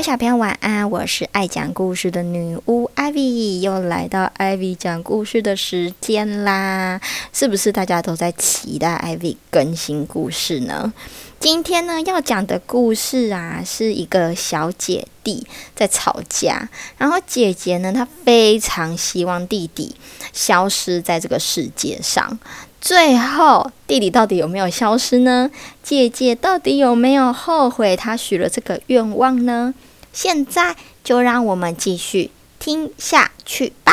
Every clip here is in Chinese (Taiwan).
小朋友晚安，我是愛講故事的女巫 Ivy，又來到 Ivy 講故事的時間啦！是不是大家都在期待 Ivy 更新故事呢？今天呢，要講的故事啊，是一個小姐弟在吵架，然後姐姐呢，她非常希望弟弟消失在這個世界上。最後，弟弟到底有沒有消失呢？姐姐到底有沒有後悔她許了這個願望呢？現在就讓我們繼續聽下去吧。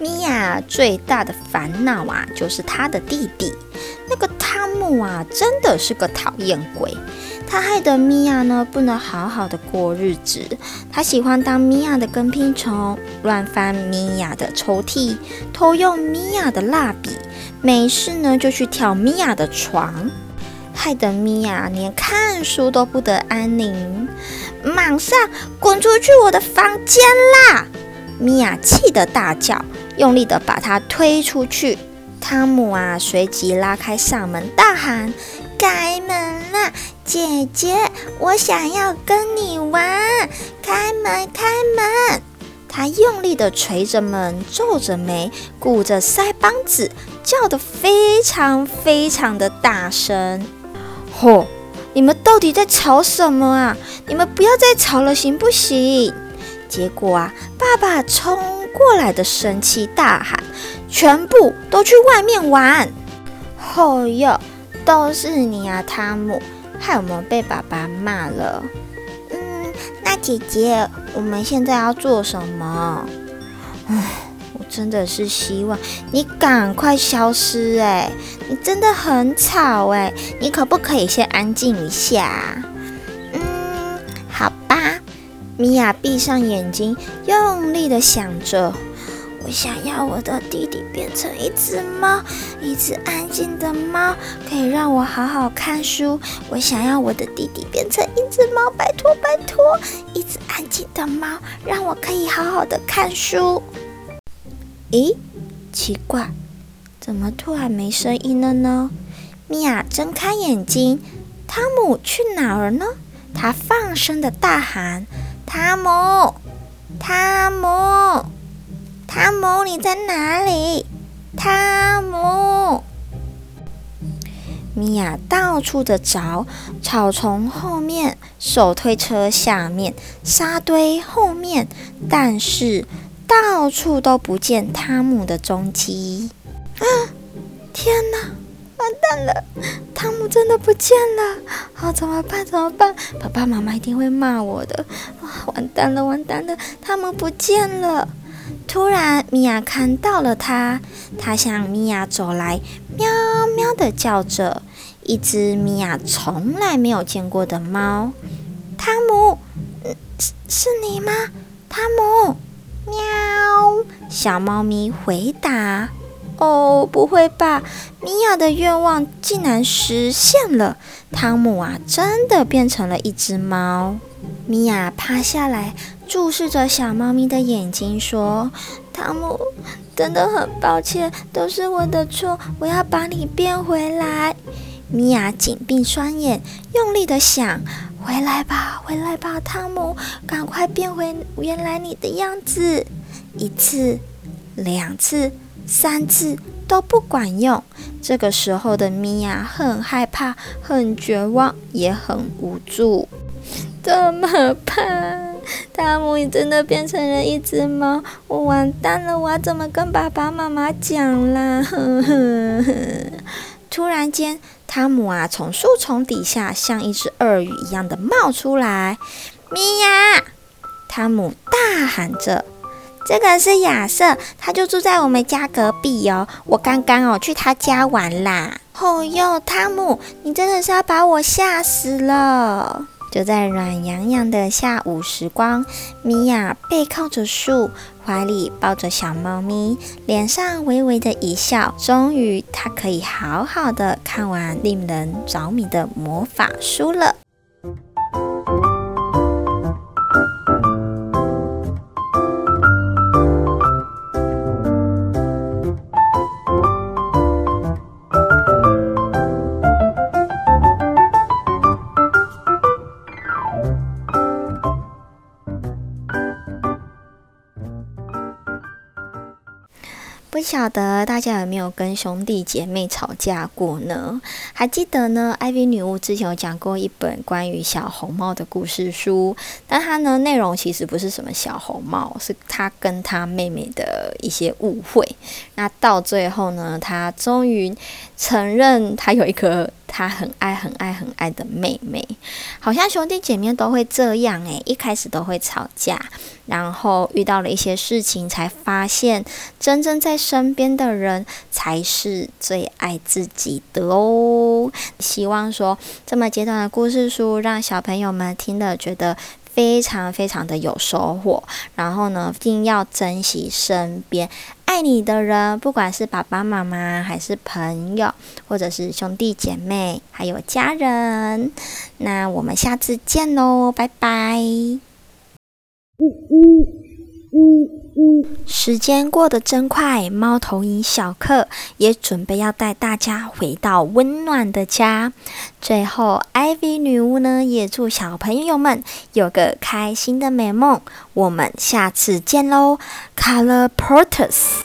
米婭最大的煩惱啊，就是她的弟弟，那個湯姆啊，真的是個討厭鬼。他害得米婭呢，不能好好的過日子。他喜歡當米婭的跟屁蟲，亂翻米婭的抽屜，偷用米婭的蠟筆，沒事呢就去跳米婭的床，害得米婭連看書都不得安寧。馬上滾出去我的房間啦！米婭氣得大叫，用力的把他推出去。湯姆啊，隨即拉開嗓門大喊。開門了，姐姐，我想要跟你玩，開門，開門！他用力地捶着門，皺着眉，鼓着腮幫子，叫得非常非常的大聲。吼、哦，你們到底在吵什麼啊？你們不要再吵了，行不行？結果啊，爸爸衝過來的生氣大喊：“全部都去外面玩！”吼、哦、喲。都是你啊，湯姆，害我們被爸爸罵了。嗯，那姐姐，我們現在要做什麼？唉，我真的是希望你趕快消失哎、欸，你真的很吵哎、欸，你可不可以先安靜一下？嗯，好吧，米亞閉上眼睛，用力地想着。我想要我的弟弟變成一隻貓，一隻安靜的貓，可以讓我好好看書。我想要我的弟弟變成一隻貓，拜托拜托，一隻安靜的貓，讓我可以好好的看書。咦，奇怪，怎麼突然沒聲音了呢？米亞睜開眼睛，湯姆去哪兒了呢？他放聲的大喊：“湯姆，湯姆！”湯姆，你在哪裡？湯姆，米婭到處的找，草叢後面、手推車下面、沙堆後面，但是到處都不見湯姆的蹤跡。啊！天哪，完蛋了！湯姆真的不見了！啊、哦，怎麼辦？怎麼辦？爸爸媽媽一定會罵我的。啊、哦，完蛋了，完蛋了！湯姆不見了。突然，米婭看到了他，他向米婭走來，喵喵地叫着，一只米婭從來沒有見過的貓。湯姆、嗯，是是你嗎？湯姆，喵。小貓咪回答：“哦，不會吧，米婭的願望竟然實現了，湯姆啊，真的變成了一只貓。”米婭趴下來，注視着小貓咪的眼睛，說：“湯姆，真的很抱歉，都是我的錯。我要把你變回來。”米婭緊閉雙眼，用力地想：“回來吧，回來吧，湯姆，趕快變回原來你的樣子。”一次、兩次、三次都不管用。這個時候的米婭很害怕，很絕望，也很無助。這麼怕，湯姆，你真的變成了一隻貓，我完蛋了，我要怎麼跟爸爸媽媽講啦？ 突然間，湯姆啊，從樹叢底下像一隻鱷魚一樣的冒出來，米亞！湯姆大喊着：“這個是亞瑟，他就住在我們家隔壁哦。我剛剛哦去他家玩啦。”吼喲，湯姆，你真的是要把我嚇死了！就在暖洋洋的下午時光，米亞背靠着樹，懷裡抱着小貓咪，臉上微微的一笑。終於，她可以好好的看完令人着迷的魔法書了。不曉得大家有沒有跟兄弟姐妹吵架過呢？還記得呢？艾薇女巫之前有講過一本關於小紅帽的故事書，但它呢，內容其實不是什麼小紅帽，是她跟她妹妹的一些誤會。那到最後呢，她終於承認她有一顆。他很愛很愛很愛的妹妹，好像兄弟姐妹都會這樣誒、欸，一開始都會吵架，然後遇到了一些事情才發現，真正在身邊的人才是最愛自己的哦。希望說這麼簡短的故事書，讓小朋友們聽了覺得。非常非常的有收穫，然後呢，一定要珍惜身邊愛你的人，不管是爸爸媽媽，還是朋友，或者是兄弟姐妹，還有家人。那我們下次見嘍，拜拜。嗯嗯嗯。時間過得真快，貓頭鷹小克也準備要帶大家回到溫暖的家。最後，艾薇女巫呢也祝小朋友們有個開心的美夢。我們下次見嘍，Colloportus。